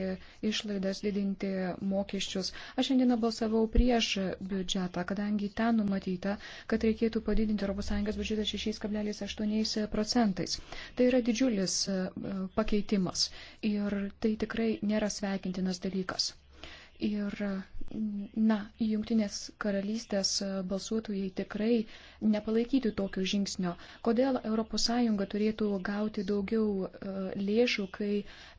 E, išlaidas, didinti mokesčius. Aš šiandieną balsavau prieš biudžetą, kadangi ten numatyta, kad reikėtų padidinti ES biudžetą 6,8 procentais. Tai yra didžiulis e, pakeitimas ir tai tikrai nėra sveikintinas dalykas. Ir, na, jungtinės karalystės balsuotojai tikrai nepalaikytų tokio žingsnio. Kodėl ES turėtų gauti daugiau e, lėšų, kai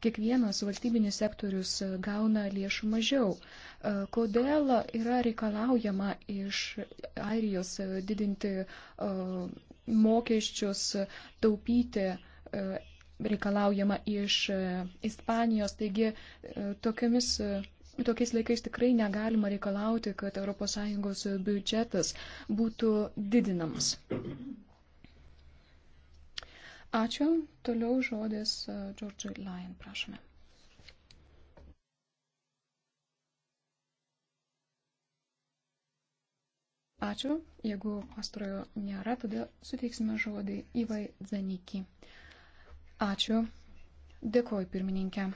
kiekvienas valstybinis sektorius gauna lėšų mažiau? E, kodėl yra reikalaujama iš Airijos didinti e, mokesčius, taupyti reikalaujama iš Ispanijos. Taigi tokiamis Tokiais laikais tikrai negalima reikalauti, kad ES biudžetas būtų didinamas. Ačiū. Toliau žodis Džordžui e, Lyon, prašome. Ačiū. Jeigu pastarojo nėra, tada suteiksime žodį Ivai Zanikį. Ačiū. Dėkoju, pirmininkė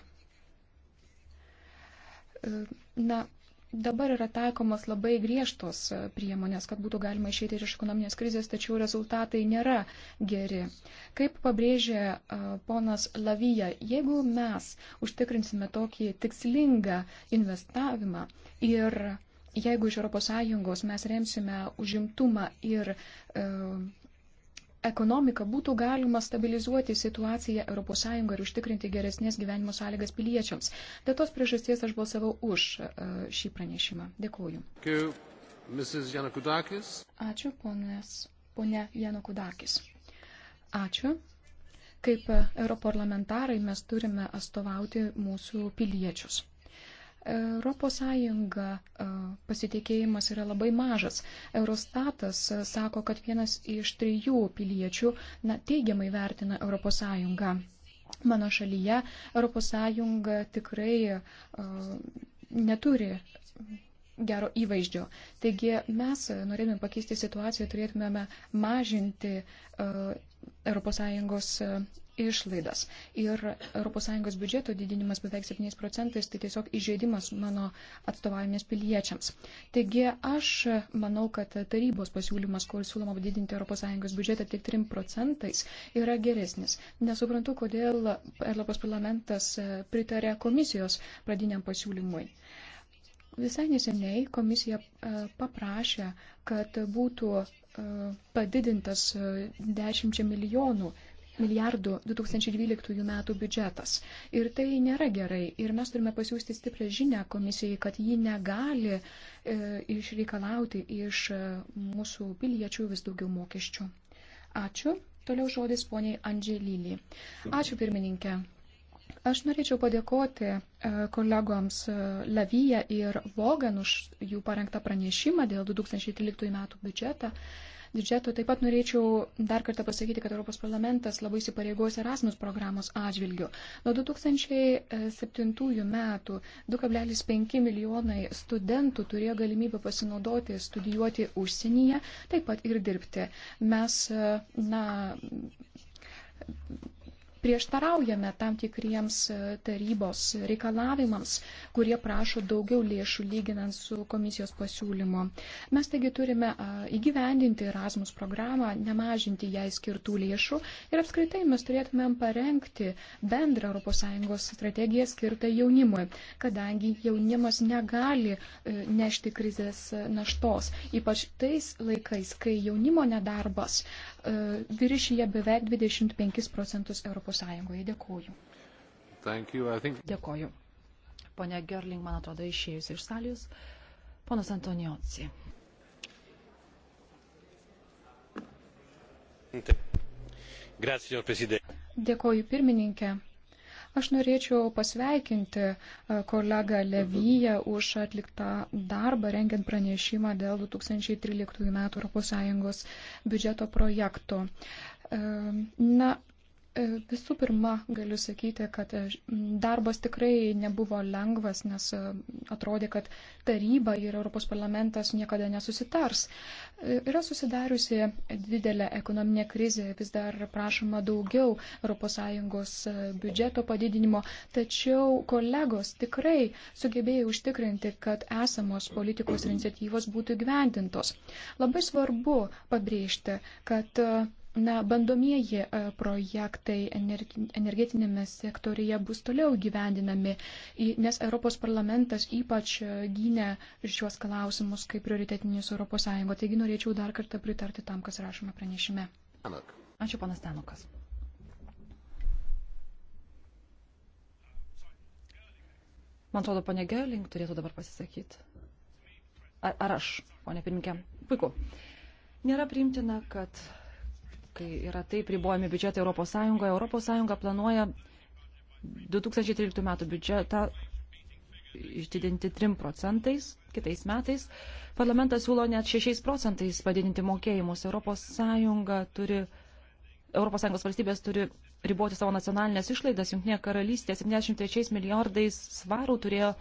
na, dabar yra taikomas labai griežtos e, priemonės, kad būtų galima išeiti iš ekonominės krizės, tačiau rezultatai nėra geri. Kaip pabrėžė e, ponas Lavija, jeigu mes užtikrinsime tokį tikslingą investavimą ir jeigu iš ES mes remsime užimtumą ir e, ekonomiką būtų galima stabilizuoti situaciją ES ir užtikrinti geresnės gyvenimo sąlygas piliečiams. Dėl tos priežasties aš balsavau už e, šį pranešimą. Dėkuoju. Ačiū, ponės, ponė Janukudakis. Ačiū. Kaip europarlamentarai mes turime atstovauti mūsų piliečius. Europos Sąjunga e, pasitikėjimas yra labai mažas. Eurostatas e, sako, kad vienas iš trijų piliečių na, teigiamai vertina Europos Sąjungą. Mano šalyje Europos Sąjunga tikrai uh, neturi gero įvaizdžio. Taigi mes, norėdami pakeisti situaciją, turėtumėme mažinti uh, ES e, išlaidas. Ir ES biudžeto didinimas beveik 7 procentais tai tiesiog įžeidimas mano atstovavimės piliečiams. Taigi aš manau, kad tarybos pasiūlymas, kur siūloma didinti ES biudžetą tik 3 procentais, yra geresnis. Nesuprantu, kodėl Europos parlamentas e, pritarė komisijos pradiniam pasiūlymui. Visai neseniai komisija e, paprašė, kad būtų E, padidintas 10 e, milijonų milijardų 2012 metų biudžetas. Ir tai nėra gerai. Ir mes turime pasiūsti stiprią žinę komisijai, kad ji negali e, išreikalauti iš e, mūsų piliečių vis daugiau mokesčių. Ačiū. Toliau žodis poniai Andželylį. Ačiū pirmininkė. Aš norėčiau padėkoti e, kolegoms e, Lavyje ir Vogan už jų parengtą pranešimą dėl 2013 metų biudžetą. Didžeto taip pat norėčiau dar kartą pasakyti, kad Europos parlamentas labai įsipareigos Erasmus programos atžvilgiu. Nuo 2007 metų 2,5 milijonai studentų turėjo galimybę pasinaudoti, studijuoti užsienyje, taip pat ir dirbti. Mes, e, na, prieštaraujame tam tikriems e, tarybos reikalavimams, kurie prašo daugiau lėšų lyginant su komisijos pasiūlymu. Mes taigi turime įgyvendinti Erasmus programą, nemažinti jai skirtų lėšų ir apskritai mes turėtumėm parengti bendrą ES strategiją skirtą jaunimui, kadangi jaunimas negali e, nešti krizės naštos, ypač tais laikais, kai jaunimo nedarbas viršyje beveik 25 procentus ES. Dėkuoju. Think... Dėkuoju. Pone Gerling, man atrodo, išėjus iš salės. Ponas Antonioci. Dėkuoju pirmininkė. Aš norėčiau pasveikinti e, kolegą Levyje už atliktą darbą, rengiant pranešimą dėl 2013 m. ES biudžeto projektų. E, na, E, visų pirma, galiu sakyti, kad e, darbas tikrai nebuvo lengvas, nes e, atrodė, kad taryba ir Europos parlamentas niekada nesusitars. Yra susidariusi didelė ekonominė krizė, vis dar prašoma daugiau ES biudžeto padidinimo, tačiau kolegos tikrai sugebėjo užtikrinti, kad esamos politikos iniciatyvos būtų gyvendintos. Labai svarbu pabrėžti, kad Na, bandomieji e, projektai energetinėme sektorija bus toliau gyvendinami, nes Europos parlamentas ypač e, gynė šiuos klausimus kaip prioritetinius ES. Taigi norėčiau dar kartą pritarti tam, kas rašoma pranešime. Ačiū, panas Tanukas. Man atrodo, ponė Gerling turėtų dabar pasisakyti. Ar, ar aš, ponė pirminkė? Puiku. Nėra priimtina, kad kai yra taip ribojami biudžetai ES, ES planuoja 2013 metų biudžetą išdidinti 3 procentais kitais metais. Parlamentas siūlo net 6 procentais padidinti mokėjimus. ES turi, ES valstybės turi riboti savo nacionalinės išlaidas. Junktinė karalystė 73 milijardais svarų turėjo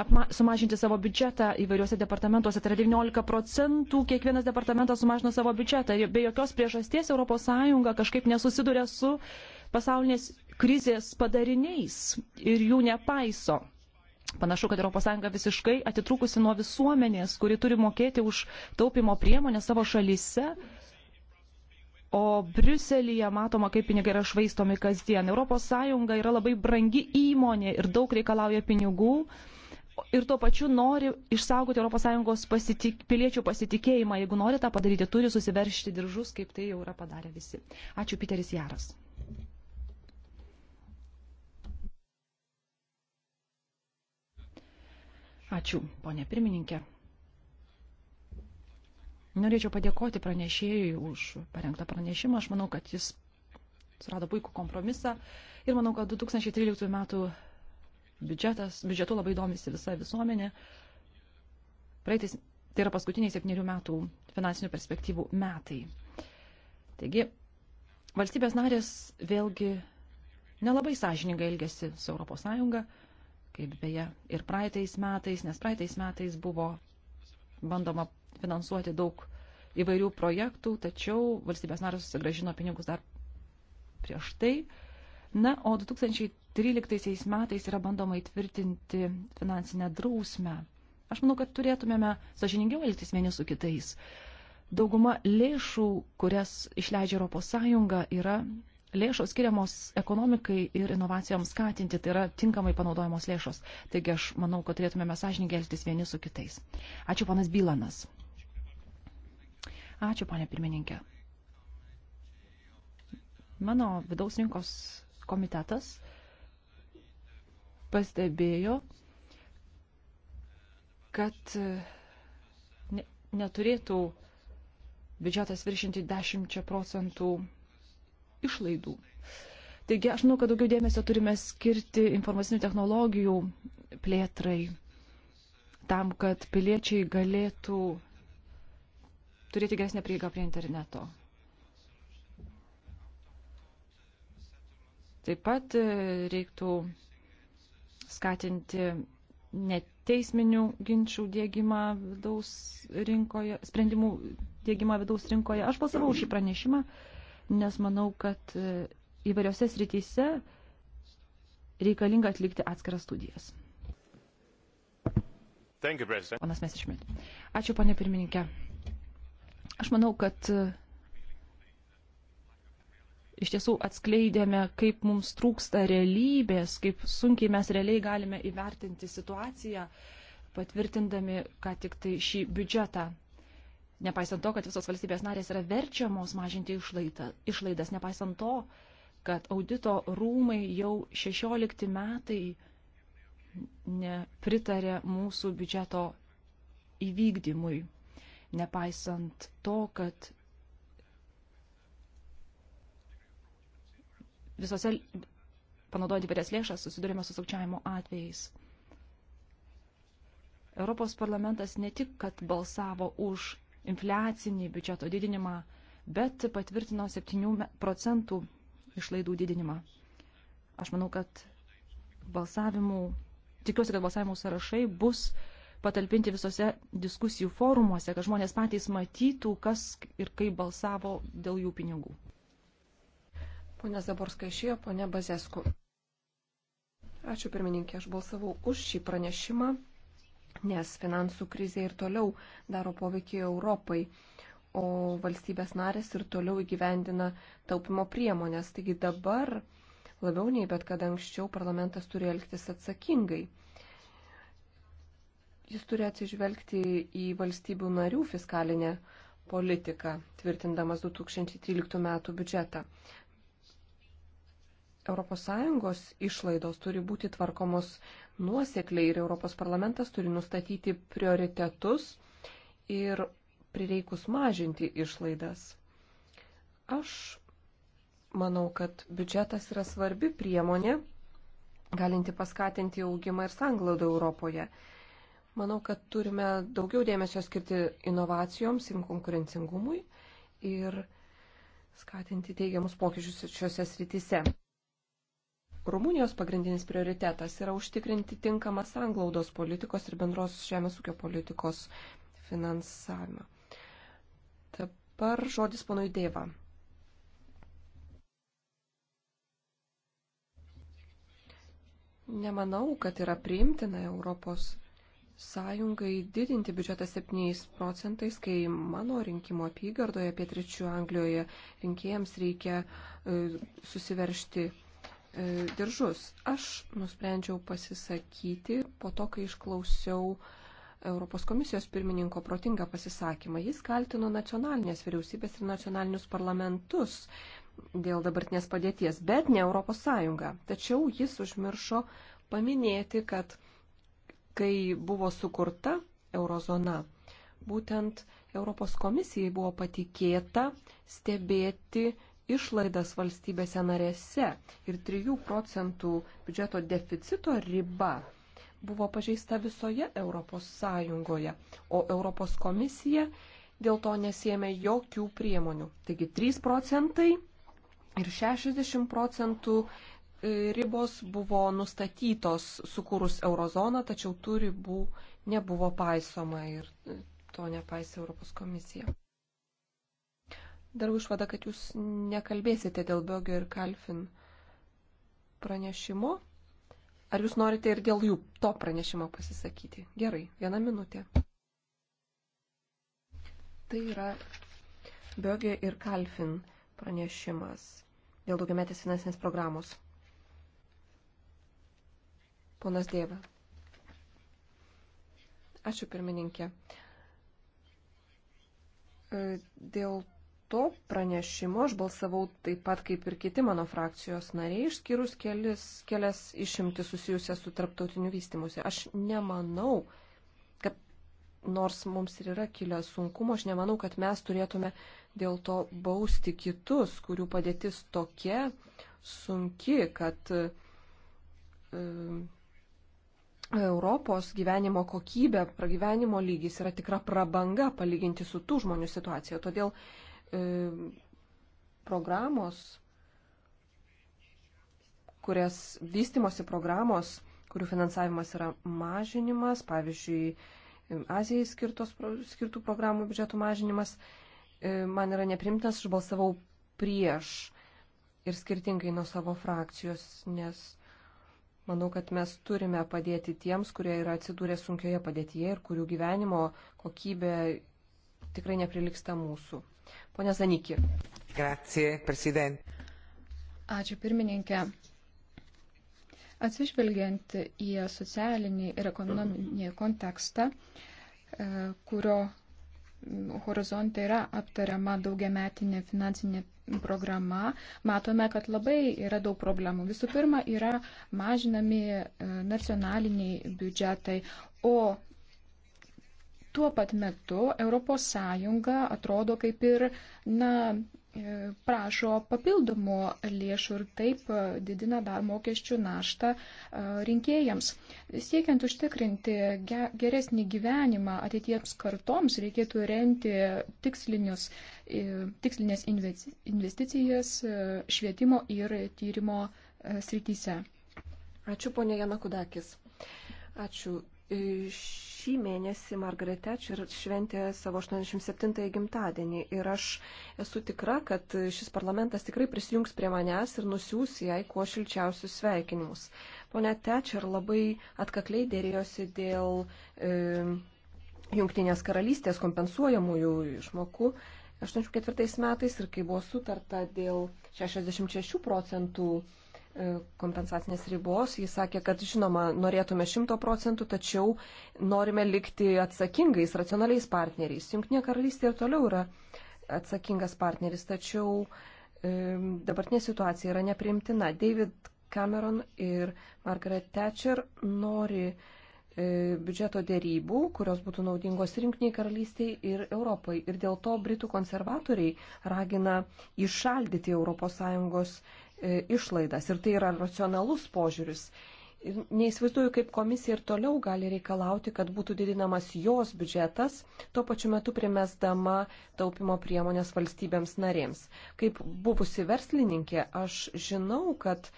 apma, sumažinti savo biudžetą įvairiuose departamentuose. Tai yra 19 procentų kiekvienas departamentas sumažino savo biudžetą. Ir be jokios priežasties ES kažkaip nesusiduria su pasaulinės krizės padariniais ir jų nepaiso. Panašu, kad ES visiškai atitrūkusi nuo visuomenės, kuri turi mokėti už taupimo priemonę savo šalyse, O Briuselyje matoma, kaip pinigai yra švaistomi kasdien. ES yra labai brangi įmonė ir daug reikalauja pinigų ir tuo pačiu nori išsaugoti ES pasitik, piliečių pasitikėjimą. Jeigu nori tą padaryti, turi susiveršti diržus, kaip tai jau yra padarę visi. Ačiū, Piteris Jaras. Ačiū, ponė pirmininkė. Norėčiau padėkoti pranešėjui už parengtą pranešimą. Aš manau, kad jis surado puikų kompromisą ir manau, kad 2013 metų biudžetas, biudžetu labai domisi visa visuomenė. Praeitais, tai yra paskutiniai septynių metų finansinių perspektyvų metai. Taigi, valstybės narės vėlgi nelabai sąžiningai elgesi su ES, kaip beje ir praeitais metais, nes praeitais metais buvo bandoma finansuoti daug įvairių projektų, tačiau valstybės narės susigražino pinigus dar prieš tai. Na, o 2000 2013 metais yra bandoma įtvirtinti finansinę drausmę. Aš manau, kad turėtumėme sažiningiau elgtis vieni su kitais. Dauguma lėšų, kurias išleidžia ES, yra lėšos skiriamos ekonomikai ir inovacijoms skatinti, tai yra tinkamai panaudojamos lėšos. Taigi aš manau, kad turėtumėme sąžininkai elgtis vieni su kitais. Ačiū panas Bylanas. Ačiū, panė pirmininkė. Mano vidaus rinkos komitetas pastebėjo, kad e, ne, neturėtų biudžetas viršinti 10 procentų išlaidų. Taigi aš manau, kad daugiau dėmesio turime skirti informacinių technologijų plėtrai, tam, kad piliečiai galėtų turėti geresnę prieigą prie interneto. Taip pat e, reiktų skatinti neteisminių ginčių dėgymą vidaus rinkoje, sprendimų dėgymą vidaus rinkoje. Aš balsavau šį pranešimą, nes manau, kad e, įvairiose srityse reikalinga atlikti atskiras studijas. Ponas Mesišmit. Ačiū, ponė pirmininkė. Aš manau, kad e, iš tiesų atskleidėme, kaip mums trūksta realybės, kaip sunkiai mes realiai galime įvertinti situaciją, patvirtindami ką tik tai šį biudžetą. Nepaisant to, kad visos valstybės narės yra verčiamos mažinti išlaidas, nepaisant to, kad audito rūmai jau 16 metai nepritarė mūsų biudžeto įvykdymui, nepaisant to, kad visose, panaudojant įvairias lėšas, susidurėme su sukčiavimo atvejais. Europos parlamentas ne tik, kad balsavo už infliacinį biudžeto didinimą, bet patvirtino 7 procentų išlaidų didinimą. Aš manau, kad balsavimų, tikiuosi, kad balsavimų sąrašai bus patalpinti visose diskusijų forumuose, kad žmonės patys matytų, kas ir kaip balsavo dėl jų pinigų. Pone Zaborska išėjo, pone Bazesku. Ačiū pirmininkė, aš balsavau už šį pranešimą, nes finansų krizė ir toliau daro poveikį Europai, o valstybės narės ir toliau įgyvendina taupimo priemonės. Taigi dabar labiau nei bet kada anksčiau parlamentas turi elgtis atsakingai. Jis turi atsižvelgti į valstybių narių fiskalinę politiką, tvirtindamas 2013 m. biudžetą. ES išlaidos turi būti tvarkomos nuosekliai ir Europos parlamentas turi nustatyti prioritetus ir prireikus mažinti išlaidas. Aš manau, kad biudžetas yra svarbi priemonė, galinti paskatinti augimą ir sanglaudą Europoje. Manau, kad turime daugiau dėmesio skirti inovacijoms ir konkurencingumui ir skatinti teigiamus pokyčius šiuose srityse. Rumunijos pagrindinis prioritetas yra užtikrinti tinkamą sanglaudos politikos ir bendros žemės ūkio politikos finansavimą. Dabar žodis ponui Dėva. Nemanau, kad yra priimtina Europos sąjungai didinti biudžetą 7 procentais, kai mano rinkimo apygardoje pietričių Anglijoje rinkėjams reikia e, susiveršti E, diržus. Aš nusprendžiau pasisakyti po to, kai išklausiau Europos komisijos pirmininko protingą pasisakymą. Jis kaltino nacionalinės vyriausybės ir nacionalinius parlamentus dėl dabartinės padėties, bet ne Europos Sąjungą. Tačiau jis užmiršo paminėti, kad kai buvo sukurta eurozona, būtent Europos komisijai buvo patikėta stebėti išlaidas valstybėse narėse ir 3 procentų biudžeto deficito riba buvo pažeista visoje Europos Sąjungoje, o Europos komisija dėl to nesėmė jokių priemonių. Taigi 3 procentai ir 60 procentų e, ribos buvo nustatytos sukūrus eurozoną, tačiau tų ribų nebuvo paisoma ir e, to nepaisė Europos komisija. Darau išvadą, kad jūs nekalbėsite dėl Bögio ir Kalfin pranešimo. Ar jūs norite ir dėl jų to pranešimo pasisakyti? Gerai, viena minutė. Tai yra Bögė ir Kalfin pranešimas dėl daugiametės finansinės programos. Ponas Dėva. Ačiū pirmininkė. Dėl to pranešimo aš balsavau taip pat kaip ir kiti mano frakcijos nariai, išskyrus kelis, kelias išimti susijusias su tarptautiniu vystimusi. Aš nemanau, kad nors mums ir yra kilęs sunkumo, aš nemanau, kad mes turėtume dėl to bausti kitus, kurių padėtis tokia sunki, kad e, Europos gyvenimo kokybė, pragyvenimo lygis yra tikra prabanga palyginti su tų žmonių situacija. Todėl E, programos, kurias vystimosi programos, kurių finansavimas yra mažinimas, pavyzdžiui, Azijai skirtos, skirtų programų biudžetų mažinimas, e, man yra neprimtas, aš balsavau prieš ir skirtingai nuo savo frakcijos, nes manau, kad mes turime padėti tiems, kurie yra atsidūrę sunkioje padėtyje ir kurių gyvenimo kokybė tikrai nepriliksta mūsų. Pone Zanikį. Grazie, prezident. Ačiū pirmininkė. Atsižvelgiant į socialinį ir ekonominį kontekstą, e, kurio horizonte yra aptariama daugiametinė finansinė programa, matome, kad labai yra daug problemų. Visų pirma, yra mažinami e, nacionaliniai biudžetai, o Tuo pat metu ES atrodo kaip ir, na, e, prašo papildomų lėšų ir taip e, didina dar mokesčių naštą e, rinkėjams. Siekiant užtikrinti geresnį gyvenimą ateitiems kartoms, reikėtų renti tikslinės investicijas švietimo ir tyrimo srityse. Ačiū, ponė Janakudakis. Ačiū Šį mėnesį Margaret Thatcher šventė savo 87-ąjį gimtadienį ir aš esu tikra, kad šis parlamentas tikrai prisijungs prie manęs ir nusiūs jai kuo šilčiausius sveikinimus. Pone Thatcher labai atkakliai dėrėjosi dėl e, Junktinės karalystės kompensuojamųjų išmokų 84 metais ir kai buvo sutarta dėl 66 procentų E, kompensacinės ribos. Jis sakė, kad žinoma, norėtume 100 procentų, tačiau norime likti atsakingais, racionaliais partneriais. Junktinė karalystė ir toliau yra atsakingas partneris, tačiau e, dabartinė situacija yra neprimtina. David Cameron ir Margaret Thatcher nori e, biudžeto dėrybų, kurios būtų naudingos rinkiniai karalystiai ir Europai. Ir dėl to Britų konservatoriai ragina išaldyti ES E, išlaidas. Ir tai yra racionalus požiūris. Neįsivaizduoju, kaip komisija ir toliau gali reikalauti, kad būtų didinamas jos biudžetas, tuo pačiu metu primesdama taupimo priemonės valstybėms narėms. Kaip buvusi verslininkė, aš žinau, kad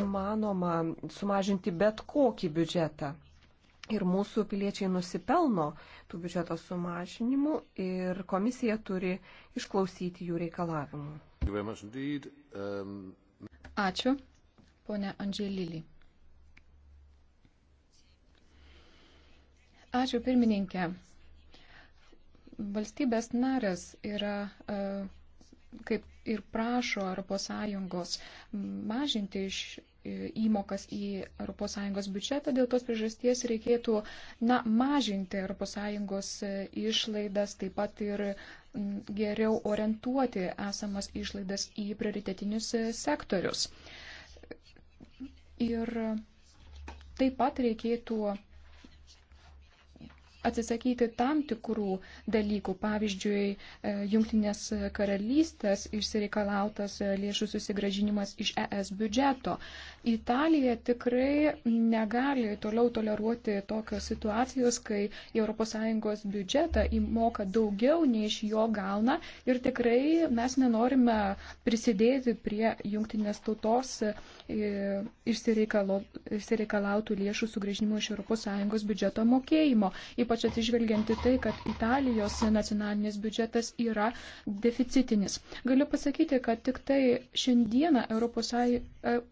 įmanoma sumažinti bet kokį biudžetą. Ir mūsų piliečiai nusipelno tų biudžeto sumažinimų ir komisija turi išklausyti jų reikalavimų. Um... Ačiū, ponė Andželilį. Ačiū, pirmininkė. Valstybės narės yra, e, kaip ir prašo ES, mažinti iš e, įmokas į ES biudžetą, dėl tos priežasties reikėtų na, mažinti ES e, išlaidas, taip pat ir geriau orientuoti esamas išlaidas į prioritetinius sektorius. Ir taip pat reikėtų atsisakyti tam tikrų dalykų, pavyzdžiui, e, Junktinės karalystės išsireikalautas lėšų susigražinimas iš ES biudžeto. Italija tikrai negali toliau toleruoti tokios situacijos, kai ES biudžetą įmoka daugiau nei iš jo gauna ir tikrai mes nenorime prisidėti prie Junktinės tautos e, išsireikalautų lėšų sugražinimo iš ES biudžeto mokėjimo. Ypač ypač atsižvelgianti tai, kad Italijos nacionalinis biudžetas yra deficitinis. Galiu pasakyti, kad tik tai šiandieną Europos, e-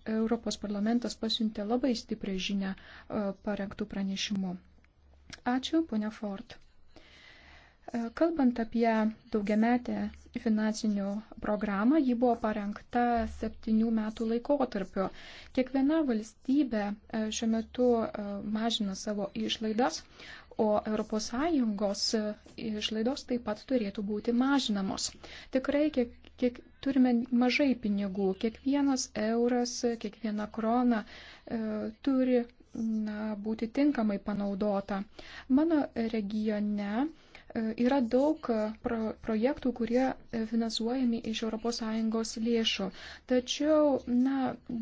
Europos parlamentas pasiuntė labai stiprią žinę e, parengtų pranešimų. Ačiū, ponia Ford. E, kalbant apie daugiametę finansinių programą, ji buvo parengta septynių metų laikotarpiu. Kiekviena valstybė šiuo metu mažina savo išlaidas, o ES e, išlaidos taip pat turėtų būti mažinamos. Tikrai kiek, kiek turime mažai pinigų, kiekvienas euras, kiekviena krona e, turi na, būti tinkamai panaudota. Mano regione e, E, yra daug e, pro, projektų, kurie finansuojami iš ES lėšų. Tačiau, na,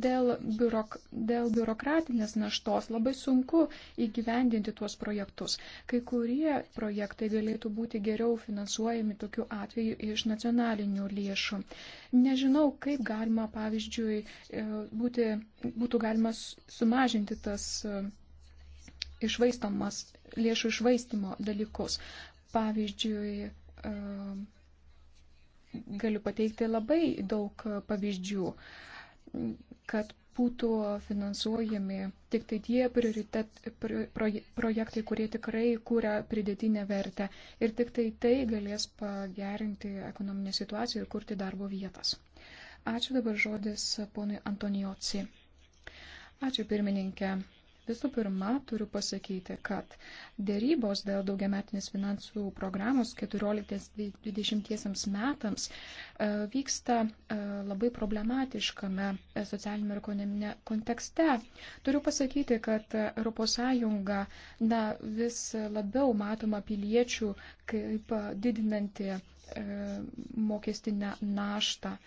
dėl, biurok, dėl biurokratinės naštos labai sunku įgyvendinti tuos projektus. Kai kurie projektai galėtų būti geriau finansuojami tokiu atveju iš nacionalinių lėšų. Nežinau, kaip galima, pavyzdžiui, e, būti, būtų galima sumažinti tas išvaistomas lėšų išvaistimo dalykus. Pavyzdžiui, e, galiu pateikti labai daug pavyzdžių, kad būtų finansuojami tik tai tie prioritet, pro, projektai, kurie tikrai kūrė pridėtinę vertę ir tik tai tai galės pagerinti ekonominę situaciją ir kurti darbo vietas. Ačiū dabar žodis ponui Antonijoci. Ačiū pirmininkė. Visų pirma, turiu pasakyti, kad dėrybos dėl daugiametinės finansų programos 14-20 metams e, vyksta e, labai problematiškame e, socialinėme ir ekonominėme kontekste. Turiu pasakyti, kad ES na, vis labiau matoma piliečių kaip didinanti mokestinę naštą.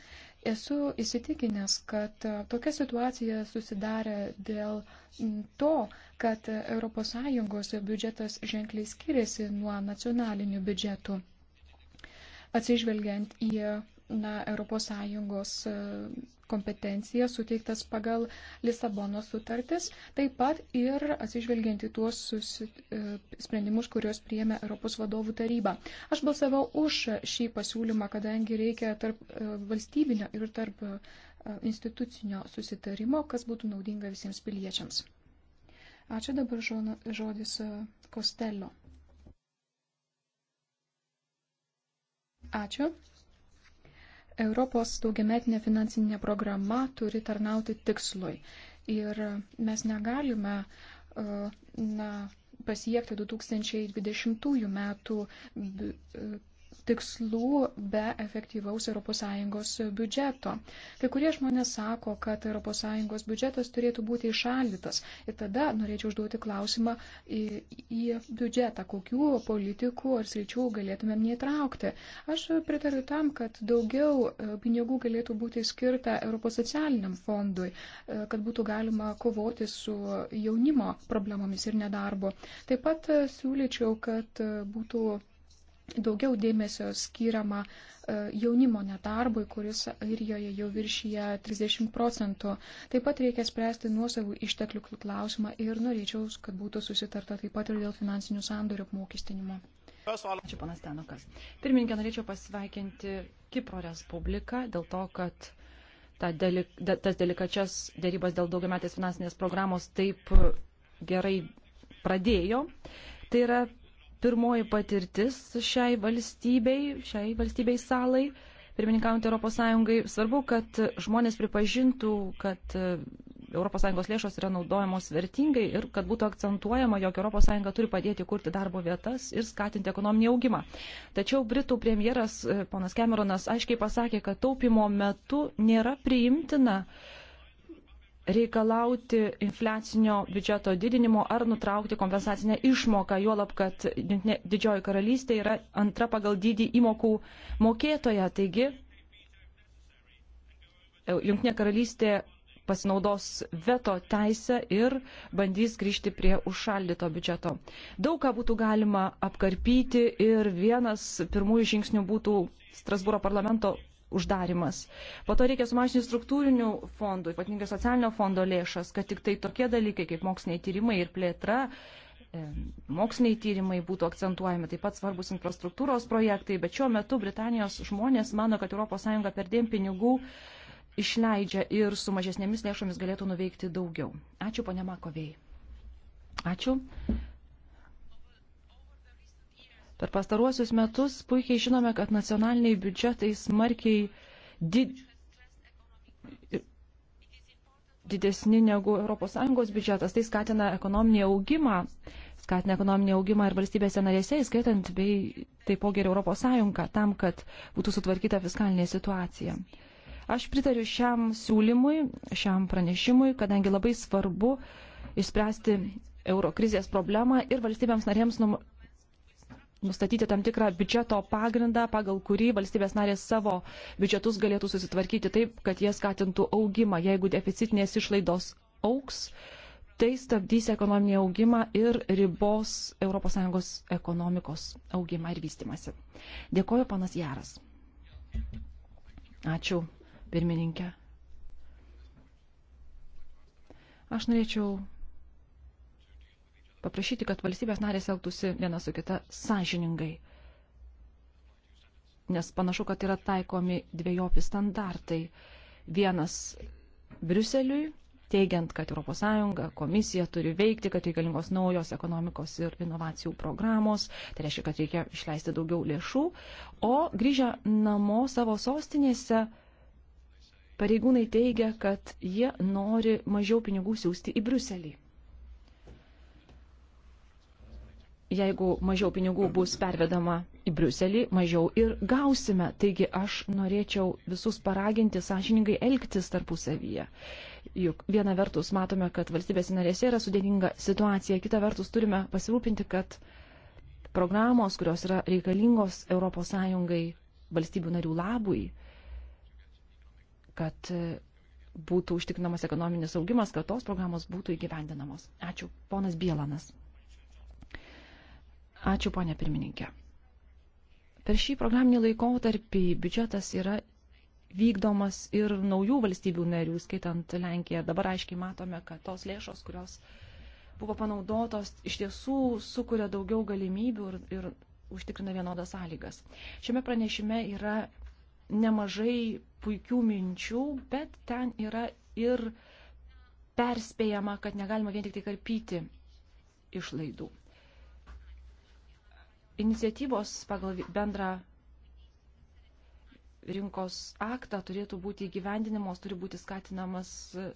Esu įsitikinęs, kad e, tokia situacija susidarė dėl to, kad ES biudžetas ženkliai skiriasi nuo nacionalinių biudžetų. Atsižvelgiant į na, ES e, kompetencija suteiktas pagal Lisabono sutartis, taip pat ir atsižvelgiant į tuos susit, e, sprendimus, kuriuos priėmė Europos vadovų taryba. Aš balsavau už šį pasiūlymą, kadangi reikia tarp e, valstybinio ir tarp institucinio susitarimo, kas būtų naudinga visiems piliečiams. Ačiū dabar žodis Kostello. Ačiū. Europos daugiametinė finansinė programa turi tarnauti tikslui. Ir mes negalime e, na, pasiekti 2020 metų e, tikslų be efektyvaus ES biudžeto. Kai kurie žmonės sako, kad ES biudžetas turėtų būti išaldytas. Ir tada norėčiau užduoti klausimą į, į biudžetą, kokių politikų ar sričių galėtumėm neįtraukti. Aš pritariu tam, kad daugiau e, pinigų galėtų būti skirta ES fondui, e, kad būtų galima kovoti su jaunimo problemomis ir nedarbu. Taip pat e, siūlyčiau, kad būtų daugiau dėmesio skiriama e, jaunimo nedarbui, kuris Airijoje jau viršyje 30 procentų. Taip pat reikia spręsti nuosavų išteklių klausimą ir norėčiau, kad būtų susitarta taip pat ir dėl finansinių sandorių apmokestinimo. Ačiū, panas Tenukas. Pirmininkė, norėčiau pasveikinti Kipro Respubliką dėl to, kad ta delik, de, tas delikačias dėrybas dėl daugiametės finansinės programos taip gerai pradėjo. Tai yra pirmoji patirtis šiai valstybei, šiai valstybei salai, pirmininkaujant ES. Svarbu, kad žmonės pripažintų, kad ES lėšos yra naudojamos vertingai ir kad būtų akcentuojama, jog ES turi padėti kurti darbo vietas ir skatinti ekonominį augimą. Tačiau Britų premjeras e, ponas Cameronas aiškiai pasakė, kad taupimo metu nėra priimtina uh, reikalauti infliacinio biudžeto didinimo ar nutraukti kompensacinę išmoką, juolab, kad Didžioji karalystė yra antra pagal dydį įmokų mokėtoja. Taigi, Junktinė karalystė pasinaudos veto teisę ir bandys grįžti prie užšaldyto biudžeto. Daug ką būtų galima apkarpyti ir vienas pirmųjų žingsnių būtų Strasbūro parlamento uždarimas. Po to reikia sumažinti struktūrinių fondų, ypatingai socialinio fondo lėšas, kad tik tai tokie dalykai kaip moksliniai tyrimai ir plėtra, e, moksliniai tyrimai būtų akcentuojami, taip pat svarbus infrastruktūros projektai, bet šiuo metu Britanijos žmonės mano, kad ES per dėm pinigų išleidžia ir su mažesnėmis lėšomis galėtų nuveikti daugiau. Ačiū, ponia Makovėjai. Ačiū. Per pastaruosius metus puikiai žinome, kad nacionaliniai biudžetai smarkiai did... didesni negu ES biudžetas. Tai skatina ekonominį augimą, skatina ekonominį augimą ir valstybėse narėse, įskaitant bei taipogi ir ES, tam, kad būtų sutvarkyta fiskalinė situacija. Aš pritariu šiam siūlymui, šiam pranešimui, kadangi labai svarbu išspręsti euro krizės problemą ir valstybėms narėms num nustatyti tam tikrą biudžeto pagrindą, pagal kurį valstybės narės savo biudžetus galėtų susitvarkyti taip, kad jie skatintų augimą. Jeigu deficitinės išlaidos auks, tai stabdys ekonominį augimą ir ribos ES ekonomikos augimą ir vystimasi. Dėkoju, panas Jaras. Ačiū, pirmininkė. Aš norėčiau paprašyti, kad valstybės narės elgtųsi viena su kita sąžiningai. Nes panašu, kad yra taikomi dviejopi standartai. Vienas Briuseliui, teigiant, kad ES komisija turi veikti, kad reikalingos naujos ekonomikos ir inovacijų programos, tai reiškia, kad reikia išleisti daugiau lėšų, o grįžę namo savo sostinėse pareigūnai teigia, kad jie nori mažiau pinigų siūsti į Bruselį. jeigu mažiau pinigų bus pervedama į Briuselį, mažiau ir gausime. Taigi aš norėčiau visus paraginti sąžiningai elgtis tarpusavyje. Juk viena vertus matome, kad valstybės narėse yra sudėtinga situacija, kita vertus turime pasirūpinti, kad programos, kurios yra reikalingos ES valstybių narių labui, kad e, būtų užtikrinamas ekonominis augimas, kad tos programos būtų įgyvendinamos. Ačiū. Ponas Bielanas. Ačiū, ponė pirmininkė. Per šį programinį laikotarpį biudžetas yra vykdomas ir naujų valstybių narių, skaitant Lenkiją. Dabar aiškiai matome, kad tos lėšos, kurios buvo panaudotos, iš tiesų sukuria daugiau galimybių ir, ir užtikrina vienodas sąlygas. Šiame pranešime yra nemažai puikių minčių, bet ten yra ir perspėjama, kad negalima vien tik tai karpyti išlaidų iniciatyvos pagal bendrą rinkos aktą turėtų būti įgyvendinamos, turi būti skatinamas,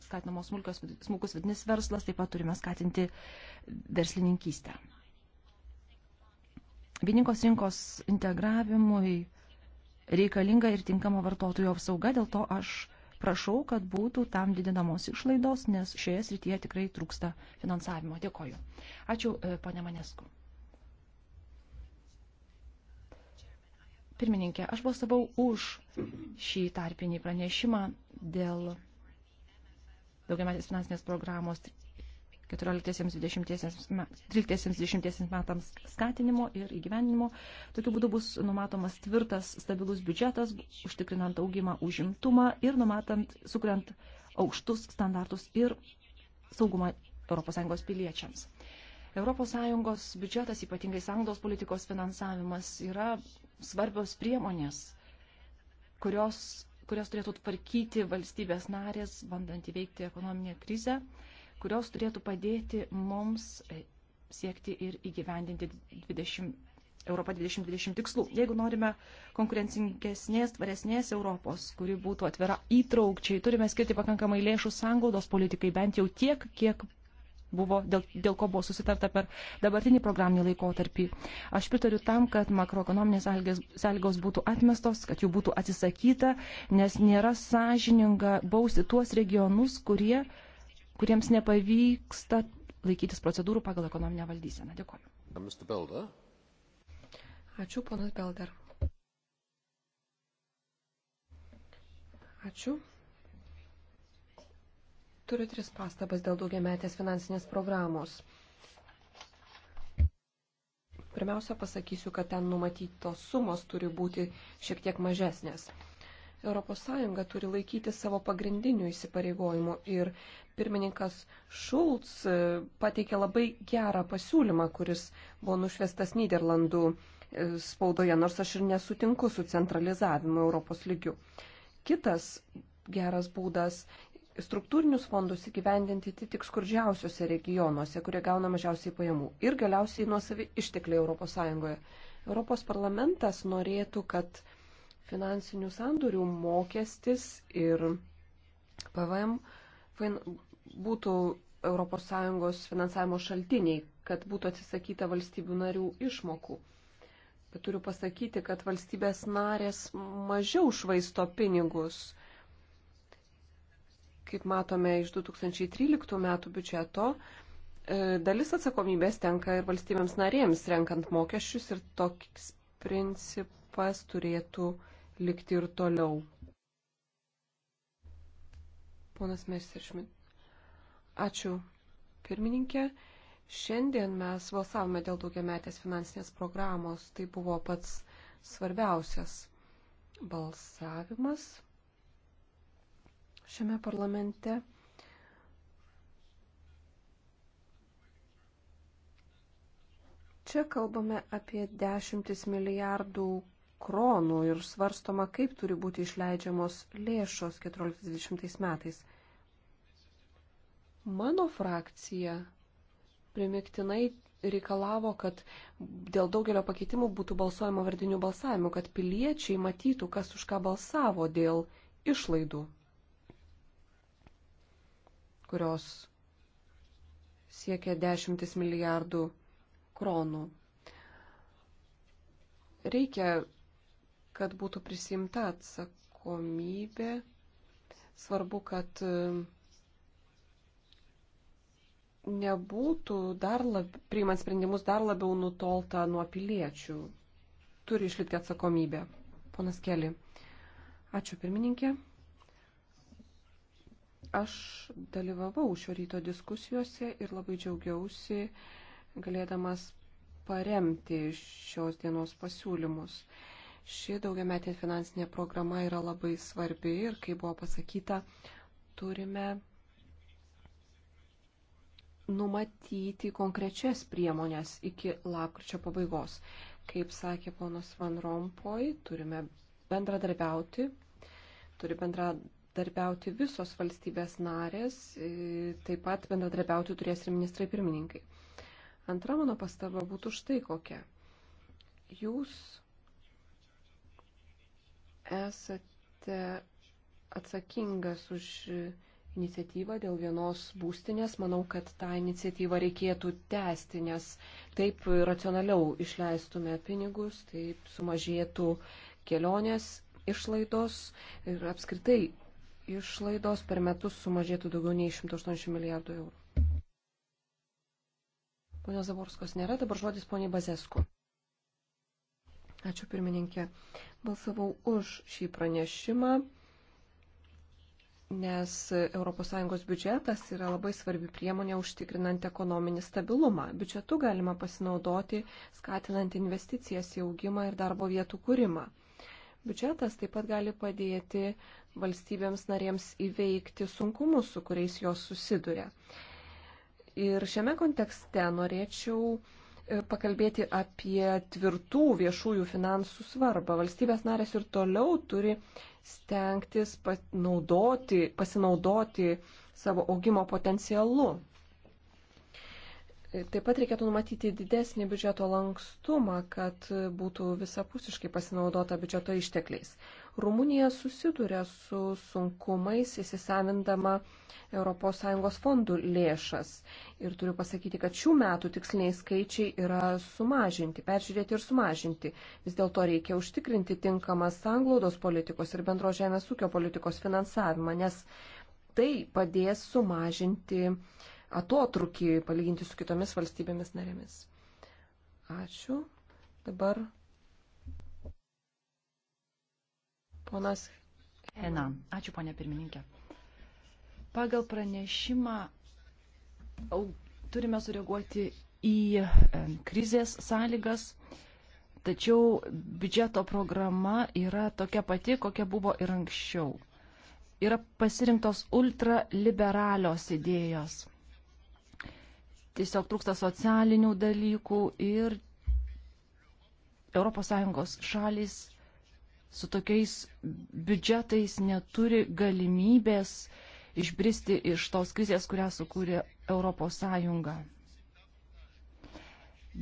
skatinamos smulkios, smulkus vidinis verslas, taip pat turime skatinti verslininkystę. Vieningos rinkos integravimui reikalinga ir tinkama vartotojų apsauga, dėl to aš prašau, kad būtų tam didinamos išlaidos, nes šioje srityje tikrai trūksta finansavimo. Dėkoju. Ačiū, e, ponė Manesku. Pirmininkė, aš balsavau už šį tarpinį pranešimą dėl daugiametės finansinės programos 14-20 metams skatinimo ir įgyvendinimo. Tokiu būdu bus numatomas tvirtas, stabilus biudžetas, užtikrinant augimą, užimtumą ir numatant, sukuriant aukštus standartus ir saugumą ES piliečiams. ES biudžetas, ypatingai sąjungos politikos finansavimas, yra svarbios priemonės, kurios, kurios turėtų tvarkyti valstybės narės, bandant įveikti ekonominę krizę, kurios turėtų padėti mums siekti ir įgyvendinti 20, Europą 2020 tikslų. Jeigu norime konkurencingesnės, tvaresnės Europos, kuri būtų atvira įtraukčiai, turime skirti pakankamai lėšų sanglaudos politikai, bent jau tiek, kiek buvo, dėl, dėl ko buvo susitarta per dabartinį programinį laikotarpį. Aš pritariu tam, kad makroekonominės sąlygos būtų atmestos, kad jų būtų atsisakyta, nes nėra sąžininga bausti tuos regionus, kurie, kuriems nepavyksta laikytis procedūrų pagal ekonominę valdyseną. Dėkuoju. Ačiū, ponas Belder. Ačiū. Turiu tris pastabas dėl daugiametės finansinės programos. Pirmiausia, pasakysiu, kad ten numatytos sumos turi būti šiek tiek mažesnės. ES turi laikyti savo pagrindinių įsipareigojimų ir pirmininkas Šulc e, pateikė labai gerą pasiūlymą, kuris buvo nušvestas Niderlandų e, spaudoje, nors aš ir nesutinku su centralizavimu Europos lygiu. Kitas geras būdas struktūrinius fondus įgyvendinti tik skurdžiausiuose regionuose, kurie gauna mažiausiai pajamų ir galiausiai nuosavi ištekliai ES. Europos parlamentas norėtų, kad finansinių sandorių mokestis ir PVM būtų ES finansavimo šaltiniai, kad būtų atsisakyta valstybių narių išmokų. Bet turiu pasakyti, kad valstybės narės mažiau švaisto pinigus Kaip matome iš 2013 metų biudžeto, e, dalis atsakomybės tenka ir valstybėms narėms renkant mokesčius ir toks principas turėtų likti ir toliau. Ponas Messerschmidt. Ačiū, pirmininkė. Šiandien mes balsavome dėl daugiametės finansinės programos. Tai buvo pats svarbiausias balsavimas šiame parlamente. Čia kalbame apie dešimtis milijardų kronų ir svarstoma, kaip turi būti išleidžiamos lėšos 14-20 metais. Mano frakcija primiktinai reikalavo, kad dėl daugelio pakeitimų būtų balsuojama vardiniu balsavimu, kad piliečiai matytų, kas už ką balsavo dėl išlaidų kurios siekia dešimtis milijardų kronų. Reikia, kad būtų prisimta atsakomybė. Svarbu, kad e, nebūtų dar lab, priimant sprendimus dar labiau nutolta nuo piliečių. Turi išlikti atsakomybė. Ponas Keli. Ačiū pirmininkė. Aš dalyvavau šio ryto diskusijose ir labai džiaugiausi galėdamas paremti šios dienos pasiūlymus. Ši daugiametė finansinė programa yra labai svarbi ir, kaip buvo pasakyta, turime numatyti konkrečias priemonės iki lapkričio pabaigos. Kaip sakė ponas Van Rompoj, turime bendradarbiauti, turi bendradarbiauti bendradarbiauti visos valstybės narės, e, taip pat bendradarbiauti turės ir ministrai pirmininkai. Antra mano pastaba būtų štai kokia. Jūs esate atsakingas už iniciatyvą dėl vienos būstinės. Manau, kad tą iniciatyvą reikėtų tęsti, nes taip racionaliau išleistume pinigus, taip sumažėtų kelionės išlaidos ir apskritai išlaidos per metus sumažėtų daugiau nei 180 milijardų eurų. Ponios Zaborskos nėra, dabar žodis poniai Bazesku. Ačiū pirmininkė. Balsavau už šį pranešimą, nes ES biudžetas yra labai svarbi priemonė užtikrinant ekonominį stabilumą. Biudžetu galima pasinaudoti, skatinant investicijas į augimą ir darbo vietų kūrimą. Biudžetas taip pat gali padėti valstybėms narėms įveikti sunkumus, su kuriais jos susiduria. Ir šiame kontekste norėčiau e, pakalbėti apie tvirtų viešųjų finansų svarbą. Valstybės narės ir toliau turi stengtis pasinaudoti savo augimo potencialu. Taip pat reikėtų numatyti didesnį biudžeto lankstumą, kad būtų visapusiškai pasinaudota biudžeto ištekliais. Rumunija susiduria su sunkumais įsisavindama ES fondų lėšas. Ir turiu pasakyti, kad šių metų tiksliniai skaičiai yra sumažinti, peržiūrėti ir sumažinti. Vis dėlto reikia užtikrinti tinkamą sanglaudos politikos ir bendro žemės ūkio politikos finansavimą, nes tai padės sumažinti uh, atotrukį palyginti su kitomis valstybėmis narėmis. Ačiū. Dabar ponas Hena. Ačiū, ponė pirmininkė. Pagal pranešimą au, turime sureaguoti į e, krizės sąlygas. Tačiau biudžeto programa yra tokia pati, kokia buvo ir anksčiau. Yra pasirinktos ultraliberalios idėjos tiesiog trūksta socialinių dalykų ir ES šalis su tokiais biudžetais neturi galimybės išbristi iš tos krizės, kurią sukūrė ES.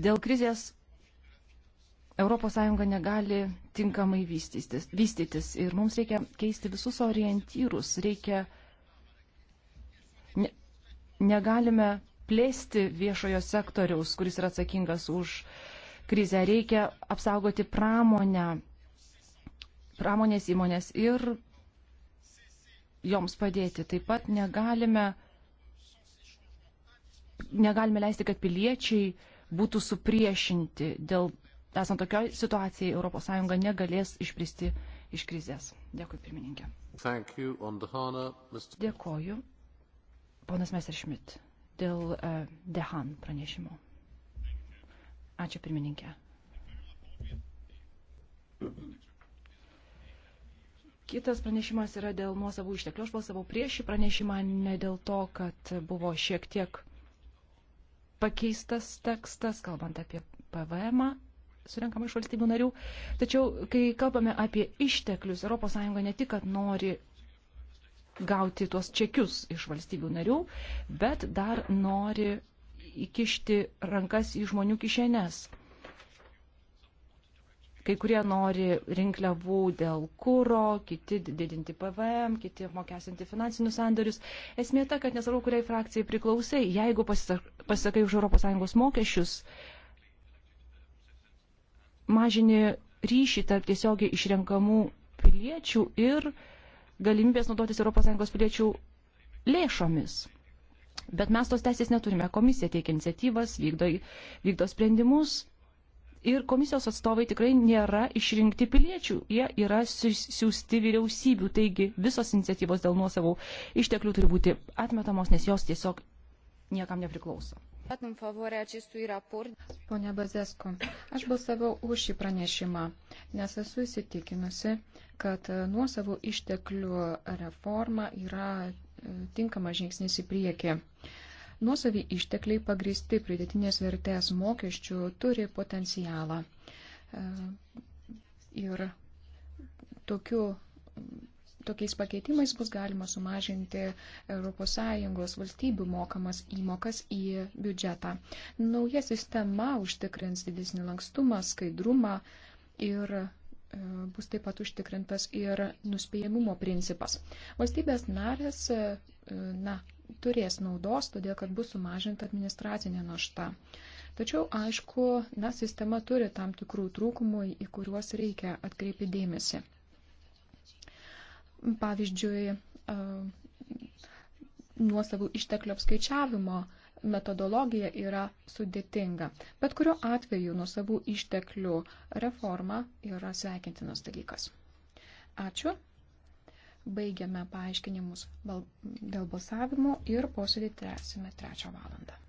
Dėl krizės ES negali tinkamai vystytis, vystytis ir mums reikia keisti visus orientyrus, reikia ne, negalime plėsti viešojo sektoriaus, kuris yra atsakingas už krizę. Reikia apsaugoti pramonę, pramonės įmonės ir joms padėti. Taip pat negalime, negalime leisti, kad piliečiai būtų supriešinti dėl esant tokioj situacijai ES negalės išpristi iš krizės. Dėkui, pirmininkė. Hana, Dėkoju. Ponas Messerschmidt dėl e, Dehan pranešimo. Ačiū pirmininkė. Kitas pranešimas yra dėl nuosavų išteklių. Aš balsavau prieš šį pranešimą ne dėl to, kad buvo šiek tiek pakeistas tekstas, kalbant apie PVM surinkamą iš valstybių narių. Tačiau, kai kalbame apie išteklius, ES ne tik, kad nori gauti tuos čekius iš valstybių narių, bet dar nori įkišti rankas į žmonių kišenes. Kai kurie nori rinkliavų dėl kūro, kiti didinti PVM, kiti apmokestinti finansinius sandorius. Esmė ta, kad nesvarbu, kuriai frakcijai priklausai, jeigu pasisakai už ES mokesčius, mažini ryšį tarp tiesiogiai išrenkamų piliečių ir uh, galimybės naudotis ES piliečių lėšomis. Bet mes tos teisės neturime. Komisija teikia iniciatyvas, vykdo, vykdo sprendimus ir komisijos atstovai tikrai nėra išrinkti piliečių, jie yra siūsti vyriausybių, taigi visos iniciatyvos dėl nuosavų išteklių turi būti atmetamos, nes jos tiesiog niekam nepriklauso în favoarea acestui raport. Pone Bazesko, aš balsavau už šį pranešimą, nes esu įsitikinusi, kad nuosavų išteklių reforma yra tinkamas e, žingsnis į priekį. Nuosavi ištekliai pagristi pridėtinės vertės mokesčių turi potencialą. E, Ir tokiu tokiais pakeitimais bus galima sumažinti ES valstybių mokamas įmokas į biudžetą. Nauja sistema užtikrins didesnį lankstumą, skaidrumą ir e, bus taip pat užtikrintas ir nuspėjamumo principas. Valstybės narės, e, na, turės naudos, todėl kad bus sumažinta administracinė našta. Tačiau, aišku, na, sistema turi tam tikrų trūkumų, į kuriuos reikia atkreipti dėmesį pavyzdžiui, nuosavų išteklių apskaičiavimo metodologija yra sudėtinga. Bet kuriuo atveju nuosavų išteklių reforma yra sveikintinas dalykas. Ačiū. Baigiame paaiškinimus dėl balsavimo ir posėdį tęsime trečią valandą.